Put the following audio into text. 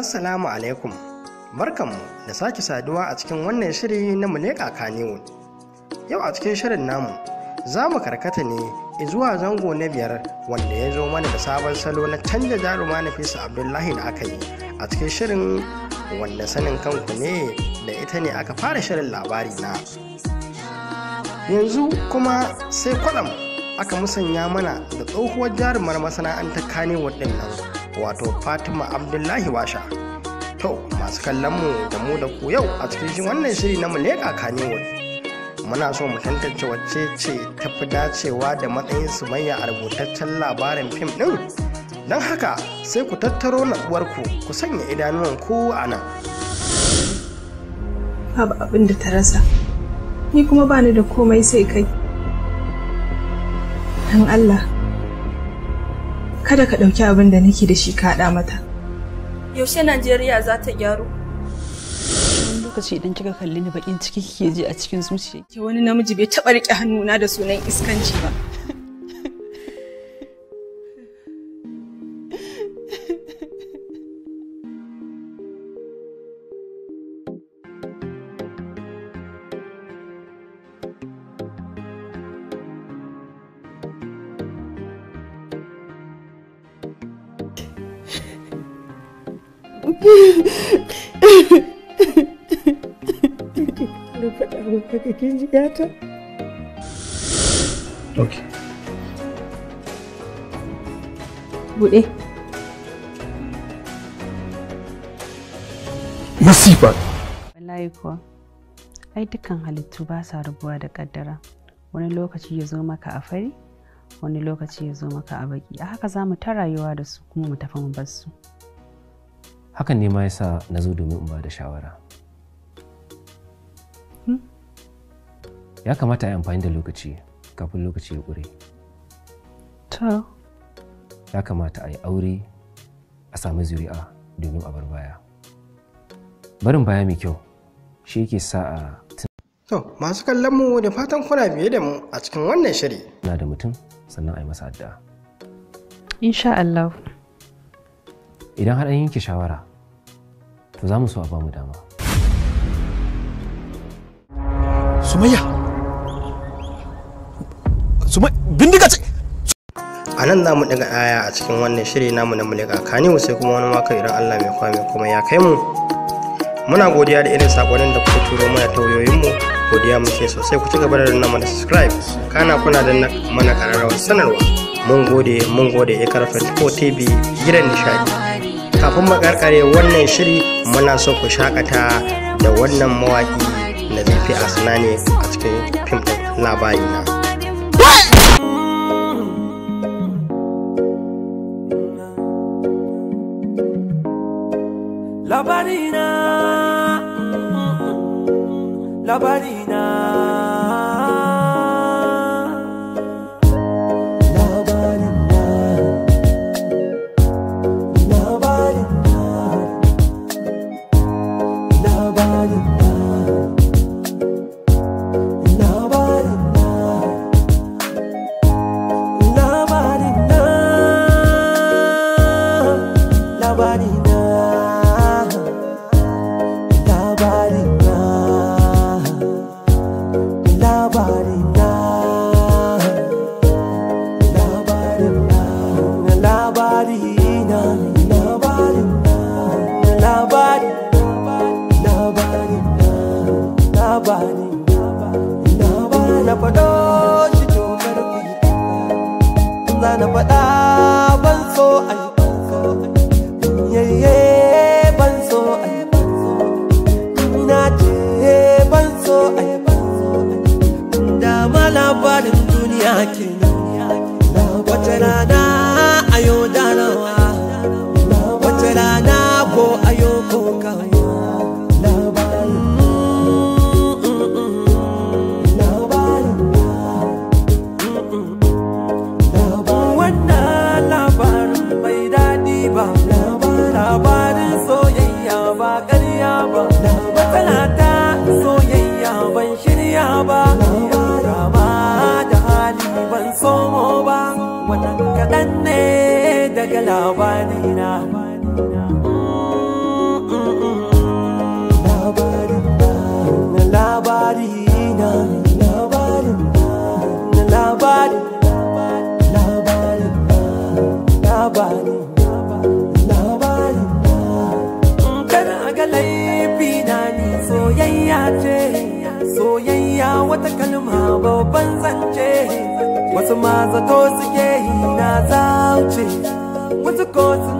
Assalamu alaikum. Barkanmu da sake saduwa a cikin wannan shiri na Muleka Kanewood. Yau a cikin shirin namu, za mu karkata ne zuwa zango na biyar wanda ya zo mana da sabon salo na canja jaruma na fisa Abdullahi da aka yi a cikin shirin wanda sanin kanku ne da ita ne aka fara shirin labari na. Yanzu kuma sai kwalam aka musanya mana da tsohuwar jarumar masana'antar Kanewood ɗin nan. wato fatima abdullahi washa to masu kallon mu da mu da ku yau a cikin wannan shiri na muleka kanewood muna so mu tantance wacce ce ta fi dacewa da matsayin sumayya a rubutaccen labarin fim ɗin don haka sai ku tattaro ku ku sanya idanuwan ku a nan babu abin da ta rasa ni kuma bani da komai sai kai allah kada ka ɗauki abin da nake da shi ka kaɗa mata. Yaushe Najeriya za ta gyaru? lokaci idan kika kalli ni bakin ciki kike ji a cikin zuciya. Wani namiji bai taɓa riƙe hannuna da sunan iskanci ba. ok masifa wallahi kuwa ai dukkan halittu ba sa rabuwa da kaddara wani lokaci ya zo maka a fari wani lokaci ya zo maka a baki a haka za mu ta rayuwa da su kuma mu tafi mu bar su hakan ne ma yasa na zo domin in ba da shawara hmm? ya kamata a yi amfani da lokaci kafin lokaci ya ƙure ta ya kamata a yi aure a sami zuri'a domin a bar baya barin baya mai kyau shi yake sa a to masu kallon mu da fatan kuna biye da mu a cikin wannan shiri na da mutum sannan a yi masa addu'a insha Allah idan har an yanke shawara to za mu so a ba mu dama sumayya Sumayya! bindiga ce a nan za mu ɗaga aya a cikin wannan shiri namu na mulika mu sai kuma wani maka idan allah mai kwa mai kuma ya kai mu muna godiya da irin saƙonin da kuka turo mana tauyoyinmu godiya muke sosai ku ci gaba da danna mana subscribe kana kuna da mana ƙararrawar sanarwa mun gode mun gode ya karfe ko tv gidan nishadi kafin makarkare wannan shiri muna so ku shakata da wannan mawaki na zafi suna ne a cikin fim ɗin labari na Labarina Labarina labarin na labarin na labari na labarin na labari labarin na labari labari na faɗo shi to karfi na faɗa ba Rama da hali ban somo ba Wannan kaɗan ne daga labari wata kalma babban zance wasu ma zato suke yi na zauce wasu ko suna